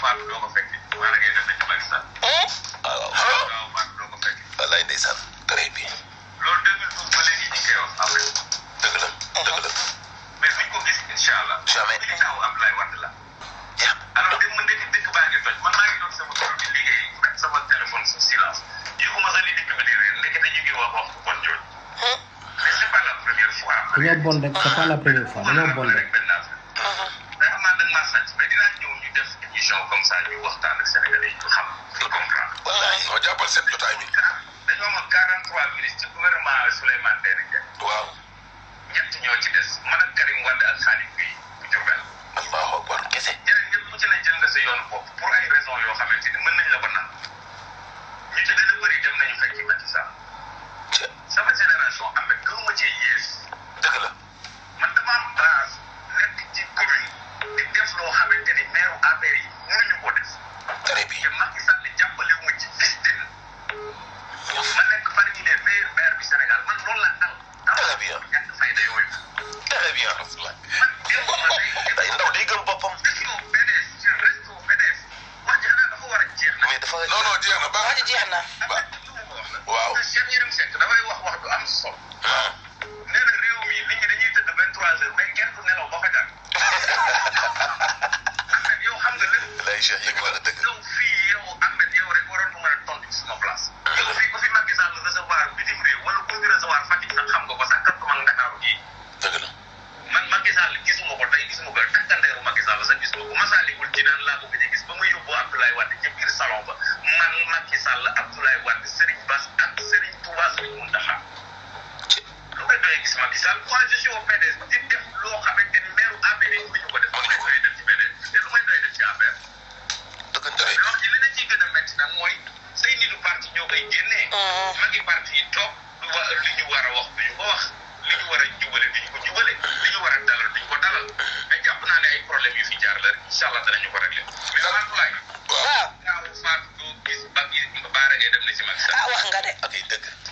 faatu doo ko fekk maa ngi def nañu Macky Sall. waaw waaw gaaw faatu doo ko fekk. wallaay ndeysaan très bien. loolu deux mille douze ba léegi ñu ngi koy wax après. dëgg la dëgg la. Uh-huh. mais buñ ko gis incha allah. jamais li taw Abdoulaye Wade la. jeex na alors dem ma nekk dëkk baa ngi toj man maa ngi doon sama kër di liggéey rek sama téléphone sa silence yëguma sax ni dëkk bi di réer ndekete ñu ngi wax wax bu bon jooju. mais c'est pas la première fois. dañoo bon rek c'est pas la première fois dañoo bon rek. émission comme ça ñu waxtaan ak sénégalais yi ñu xam ñu comprendre. wallaay non jàppal seen jotaay bi. Ah, dañoo amoon 43 ministres ci gouvernement Souleymane Ndéné Ndiaye. waaw. ñett ñoo ci des man ak Karim Wade ak Khalid Gueye nga sa yoonu bopp pour ay raison yoo xamante ni mën nañ la ko nangu. ñu ci gën a bëri nañu fekk ci Macky Sall. génération am na gëmuma ci yées. dëgg la. daal man loolu laa dal. très bien ñàkk fayda yooyu. très bien. ndaw day gëm boppam. mais dafa non non jeex na baax jeex na. waaw. Cheikh Yérim Seck dafay wax wax du am solo. nee na réew mi nit ñi dañuy tëdd vingt trois heures mais kenn du nelaw ba fa jàng. Ahmed yow xam nga lépp. lay Cheikh yow fii yow Ahmed yow rek waroon nga mën a tontu ci sama place. Massalikul Jinaan laa bëgg a gis ba ma yóbbu Abdoulaye Wade ca biir salon ba man Macky Sall Abdoulaye Wade Serigne Bass ak Serigne Touba Serigne Mountakha lu nga doy gis Macky Sall moi je suis au PDS di def loo xamante ni meeru APD bu ñu ko def lu may doy def ci PDS te lu may doy def ci APR loolu ci li na ciy gën a métti nag mooy say nitu parti ñoo koy génnee mm-hmm. magi parti yi toog lu ñu war a wax du ñu ko wax li ñu war a jubale du ñu ko jubale incha allah danañu ko réglé. mais Fatou Laye. waaw daaw Fatou doo gis ba kii Baara Gueye dem na ci Macky Sall. ah wax nga de. ak dëgg.